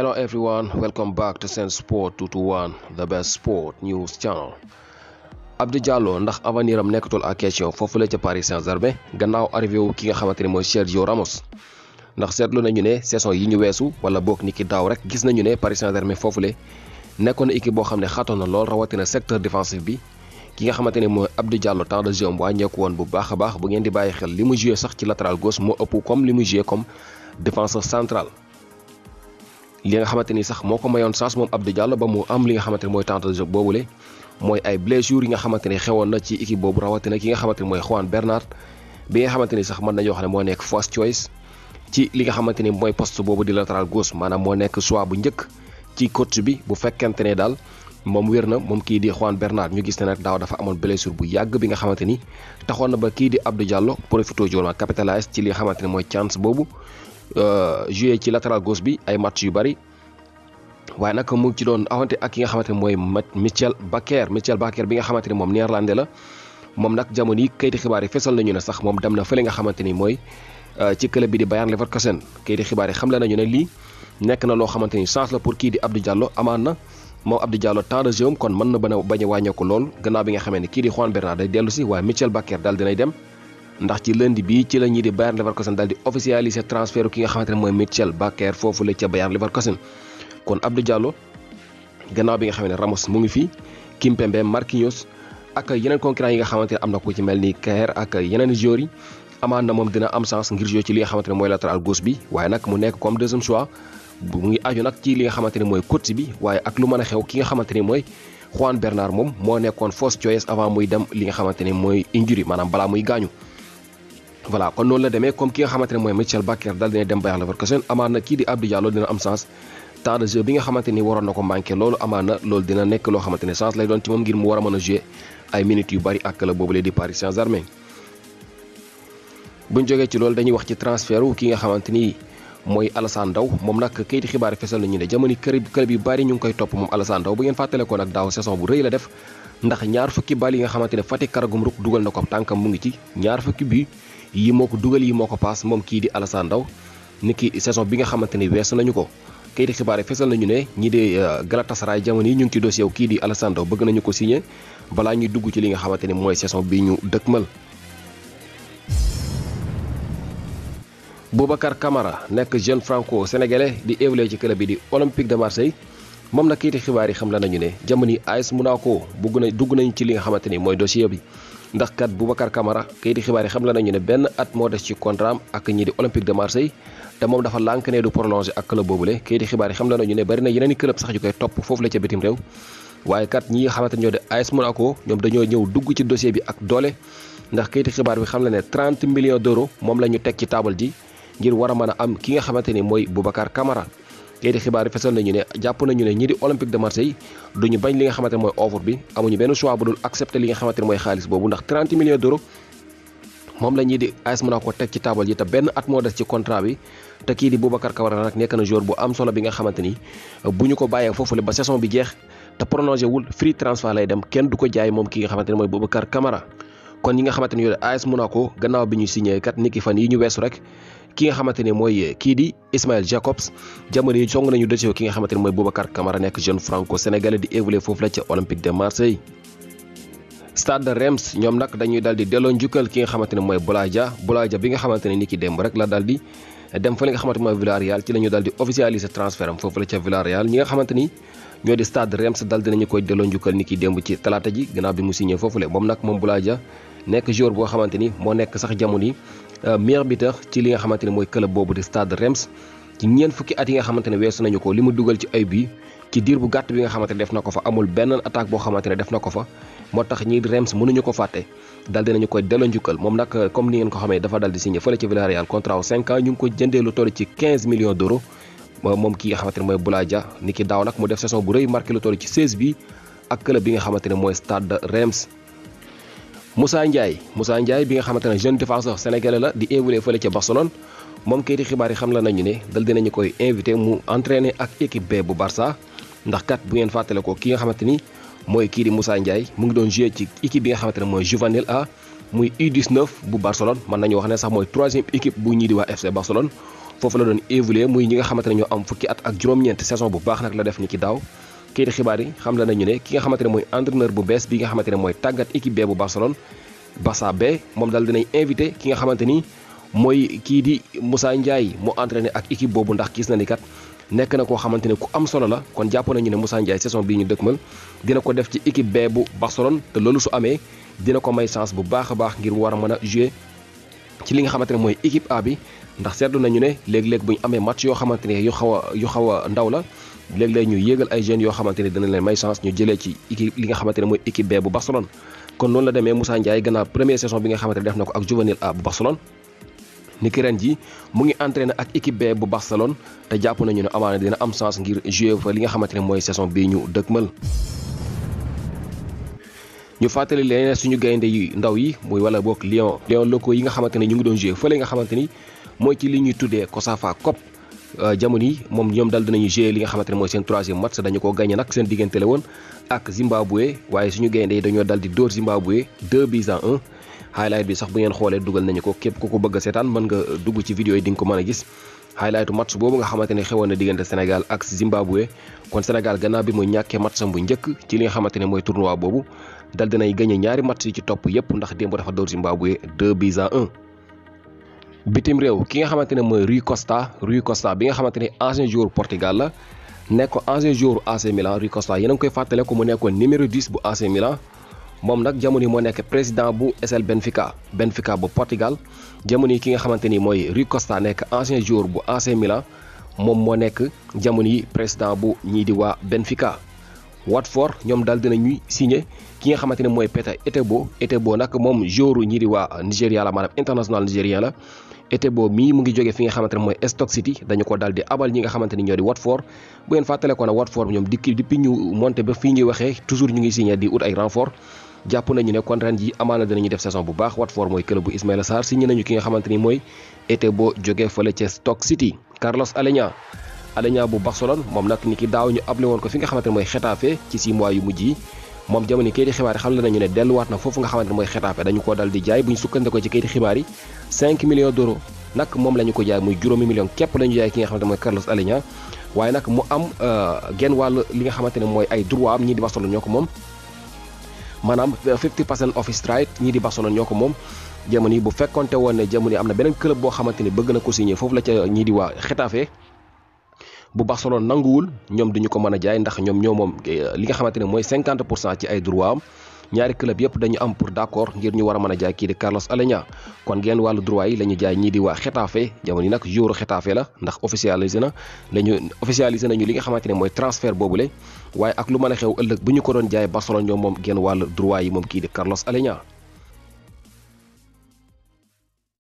Hello everyone, welcome back to Sen Sport 221, the best sport news channel. Abdou Diallo ndax avenir am nekkatul à question foofu la ca Paris Saint-Germain gannaaw arrivé wu ki nga xamante ne mooy Sergio Ramos ndax seetlu nañu ne saison yi ñu weesu wala boog ni ki daaw rek gis nañu ne Paris Saint-Germain foofu nekkoon na équipe boo xam ne xatoon na lool rawatina secteur défensif bi ki nga xamante ne mooy Abdou Diallo temps de jeu am woon bu baax baax bu ngeen di bàyyi xel li mu joué sax ci latéral gauche moo ëpp comme li mu joué comme défenseur central. li nga xamante ni sax moo ko mayoon chance moom Abdou Diallo ba mu am li nga xamante ne mooy temps de jeu boobule mooy ay blessures yi nga xamante ne xewoon na ci équipe boobu rawatina ki nga xamante ne mooy Juan Bernat bi nga xamante ni sax mën na xam ne moo nekk first choice ci li nga xamante ni mooy post boobu di latéral gos maanaam moo nekk choix bu njëkk ci coach bi bu fekkente ne daal moom wér na moom kii di Juan Bernat ñu gis ne nag daaw dafa amoon blessure bu yàgg bi nga xamante ni taxoon na ba kii di Abdou Diallo profité jool ci li nga xamante ne mooy chance boobu Euh, joué ci latéral gauche bi ay match yu bari waaye nag mu ngi ci doon awante ak ki nga xamante ne mooy Michel Bakker Michel Bakker bi nga xamante ne moom néerlandais la moom nag jamono yi kayiti xibaar yi fesal nañu ne sax moom dem na fële nga xamante ni mooy euh, ci club bi di Bayer Leverkusen kayiti xibaar yi xamle nañu ne lii nekk na loo xamante ni chance la pour kii di Abdou Diallo amaan na moom Abdou Diallo temps de jeu kon mën na bañ a wàññeeku lool gannaaw bi nga xamee si waaye Michel Bakker daal dinay dem ndax ci lundi bi ci la ñi di Bayern Leverkusen daldi officialiser transfert ki nga xamantene moy Mitchell Bakker fofu le ci Bayern Leverkusen kon Abdou Diallo gannaaw bi nga xamantene Ramos mu ngi fi Kimpembe Marquinhos ak yeneen concurrent yi nga xamantene amna ko ci melni Kerr ak yeneen joueurs yi amana mom dina am chance ngir jo ci li nga xamantene moy latéral gauche bi waye nak mu nekk comme deuxième choix bu ngi aju nak ci li nga xamantene moy côté bi waye ak lu mën xew ki nga xamantene moy Juan Bernard mom mo nekkoon fausse choice avant muy dem li nga xamantene moy injury manam bala muy gañu voilà kon noonu la demee comme ki nga xamante ne mooy Michel Bakker daal dina dem Bayer Leverkusen amaat na kii di Abdou Diallo dina am sens temps de jeu bi nga xamante ni waroon na ko manqué loolu amaat na loolu dina nekk loo xamante ne chance lay doon ci moom ngir mu war a mën a jouer ay minutes yu bari ak la boobu lee di Paris Saint-Germain buñ jógee ci loolu dañuy wax ci transfert wu ki nga xamante ni mooy Alassane Ndao moom nag kayiti xibaar yi fesal nañu ne jamono kër club yu bari koy topp moom Alassane Ndao bu ngeen fàttalikoo nag daaw saison bu rëy xamante ne Fatick Karagum Ruk dugal na ko tànkam mu ngi ci ñaar fukki bi yii moo ko dugal yi moo ko paas moom kii di Alassane Ndao ni ki saison bi nga xamante ni weesu nañu ko kayiti xibaar yi fesal nañu ne ñi di euh, Galatasaray jamono yi ñu ngi ci dossier wu kii di Alassane bëgg nañu ko signé balaa ñuy dugg ci li nga xamante ni mooy saison bi ñu dëkkmal Boubacar Kamara nekk jeune franco sénégalais di évolué ci club bi di Olympique de Marseille moom na kayiti xibaar yi xam la nañu ne jamono yi AS Monaco bëgg na dugg nañu ci li nga xamante ni mooy dossier bi ndax kat Boubacar Camara kayiti xibaar yi xam la na ñu ne benn at moo des ci contrat ak ñi di Olympique de Marseille te moom dafa lànk ne du prolongé ak club boobule kayiti xibaar yi xam la ñu ne bari na yeneen i club sax yu koy topp foofu la ca bitim réew waaye kat ñi nga xamante ñoo de AS Monaco ñoom dañoo ñëw dugg ci dossier bi ak doole ndax kayiti xibaar bi xam la ne trente millions d'euros moom la ñu teg ci taabal ji ngir war a mën a am ki nga xamante ni mooy Boubacar Camara kayiti xibaar yi fesal nañu ne jàpp nañu ne ñi di olympique de marseille duñu bañ li nga xamante ne mooy offre bi amuñu benn choix bu dul accepter li nga xamante mooy xaalis boobu ndax 30 millions d'euros moom la ñii di AS Monaco teg ci taabal ji te benn at moo des ci contrat bi te kii di Boubacar Kamara nag nekk na joueur bu am solo bi nga xamante ni bu ñu ko bàyyee foofule ba saison bi jeex te prolongé wul free transfer lay dem kenn du ko jaay moom ki nga xamante ne mooy Boubacar Kamara kon ñi nga xamante ne yooyu gannaaw bi ñu signé kat niki fan yi rek ki nga xamante ni mooy eh, kii di Ismaël Jacobs jamono yi song nañu dëcc ki nga xamante ni mooy Boubacar Camara nekk jeune franco sénégalais di évoluer foofu la ca Olympique de Marseille. daal di delloo njukkal ki nga xamante ne mooy Boulaye Dia Boulaye bi nga xamante ne ni ki démb rek la daal dem fa li nga xamante ne mooy Villarreal ci la ñu daal di officialiser transfert am foofu ni. ñoo di stade Reims dal dinañu koy ni ki démb ci talaata ji gannaaw bi moom nag moom Boulaye Dia nekk joueur boo xamante ni moo nekk sax jamono yi Eh, meilleur buteur ci li nga xamanteni moy club bobu di Stade Reims ci ñeen fukki at yi nga xamanteni wessu nañu ko limu duggal ci ay bi ci dir bu gatt bi nga xamanteni def nako fa amul benn attaque bo xamanteni def nako fa motax ñi Reims ñu ko faté dal dinañu koy delo njukal mom nak eh, comme ni ngeen ko xamé dafa dal di signé fele ci Villarreal contrat 5 ans ñu ko jëndé lu tollu ci 15 millions d'euros mom ki nga xamanteni moy Bouladia niki daw nak mu def saison bu reuy marqué lu tollu ci 16 bi ak club bi nga xamanteni moy Stade Reims Moussa Ndiaye Moussa Ndiaye bi nga xamante ne jeune défenseur sénégalais la di évoluer fële ca Barcelone moom kayiti xibaar yi xam la nañu ne dal dinañu koy invité mu entraîner ak équipe B bu Barça ndax kat bu ngeen fàttale ko ki nga xamante ni mooy kii di Moussa Ndiaye mu ngi doon joué ci équipe bi nga xamante ne mooy Juvenil A muy U19 bu Barcelone mën nañu wax ne sax mooy troisième équipe bu ñii di waa FC Barcelone foofu la doon évoluer muy ñi nga xamante ne ñoo am fukki at ak juróom saison bu baax nag la def ni ki daaw kii xibaar yi xam la nañu ne ki nga xamante ne mooy entraîneur bu bees bi nga xamante ne mooy tàggat équipe B bu Barcelone Barça B moom daal dinay invité ki nga xamante ni mooy kii di musaa Ndiaye mu entraîné ak équipe boobu ndax gis na ni kat nekk na koo xamante ne ku am solo la kon jàpp nañu ne Moussa Ndiaye saison bii ñu dëkkmal dina ko def ci équipe B bu Barcelone te loolu su amee dina ko may chance bu baax a baax ngir war a mën a jouer ci li nga xamante ne mooy équipe bi ndax seetlu nañu ne léeg-léeg bu ñu amee match yoo xamante ne yu xaw a yu xaw a ndaw la léegi lay ñu yéegal ay jeunes yoo xamante ni dana leen may chance ñu jëlee ci équipe li nga xamante ne mooy équipe B bu Barcelone kon noonu la demee Moussa Ndiaye gannaaw première saison bi nga xamante def na ko ak juvenil bu Barcelone ni ki ren ji mu ngi entraîné ak équipe B bu Barcelone te jàpp nañu ne amaana dina am sance ngir jouer fa li nga xamante ne mooy saison bii ñu dëkkmal ñu fàttali leen suñu gaynde yi ndaw yi muy wala boog Lion Lion locaux yi nga xamante ne ñu ngi doon jouer fële nga xamante ni mooy ci li ñuy tuddee Cosafa Cup Euh, jamono yi moom ñoom daal dinañu jouer li nga xamante ne mooy seen troisième match dañu ko gagné nag seen diggante la woon ak Zimbabwe waaye suñu gaynde yi dañoo dal di dóor Zimbabwe 2 buts à bi sax bu ngeen xoolee dugal nañu ko képp ku ko bëgg seetaan mën nga dugg ci vidéo yi di nga ko mën a gis highlightu match boobu nga xamante ne xewoon na diggante Sénégal ak Zimbabwe kon Sénégal gannaaw bi mu ñàkkee matsam bu njëkk ci li nga xamante ne mooy tournoi boobu dal dinay gagné ñaari match yi ci topp yépp ndax démb dafa dóor Zimbabwe 2 buts à 1 bitim réew ki nga xamante ne mooy Rui Costa Rui Costa bi nga xamante ne ancien joueur portigal la nekkoon ancien joueur AC Milan Rui Costa yéen koy fàttale ko mu nekkoon numéro 10 bu AC Milan moom nag jamono yi moo nekk président bu SL Benfica Benfica bu Portugal jamono yi ki nga xamante ni mooy Rui Costa nekk ancien jour bu AC Milan moom moo nekk jamono yi président bu ñii di waa Benfica. Watford ñoom daal dina ñuy signé ki nga xamante ne mooy Peter Etebo Etebo nag moom joueur ñi di waa Nigéria la maanaam international nigérien la Etebo mii mu ngi jógee fi nga xamante ne mooy Stoke City dañu ko daal di abal ñi nga xamante ni ñoo di Watford bu ngeen fàttale ko na Watford ñoom dikki depuis ñu monté ba fii ñuy waxee toujours ñu ngi signé di ut ay renfort jàpp nañu ne kon ren ji amaana dinañu def saison bu baax Watford mooy club bu Ismaïla Sarr signé nañu ki nga xamante ni mooy Etebo jógee fële Alenia bu Barcelone moom nag ni ki daaw ñu able woon ko fi nga xamante mooy Xetafe ci 6 mois yu mujj yi moom jamono yi kayiti xam le nañu ne delluwaat na foofu nga xamante ne mooy Xetafe dañu ko dal di jaay bu ñu sukkandikoo ci kayiti xibaar yi 5 millions moom la ñu ko jaay muy juróomi million képp la ñu jaay ki nga xamante mooy Carlos Alenia waaye nag mu am euh, genn wàll li nga xamante ne mooy ay droit am ñii di Barcelone ñoo ko moom maanaam 50 percent of his right ñii di ñoo ko moom jamono yi bu fekkonte woon ne jamono yi am na beneen boo xamante ni bëgg na ko signé foofu la ca ñii di bu Barcelone nanguwul ñoom duñu ko mën jaay ndax ñoom ñoo moom eh, li nga xamante ne mooy 50 pour cent ci ay droit am ñaari club yëpp dañu am pour d' accord ngir ñu war a mën a jaay kii di Carlos Alenya kon genn wàll droit yi la ñu jaay ñii di waa Xetafe jamono yi nag jour Xetafe la ndax officialisé na lañu officialisé nañu li nga xamante ne mooy transfert boobule waaye ak lu mën a xew ëllëg bu ñu ko doon jaay Barcelone ñoom moom genn wàllu droit yi moom kii di Carlos Alenya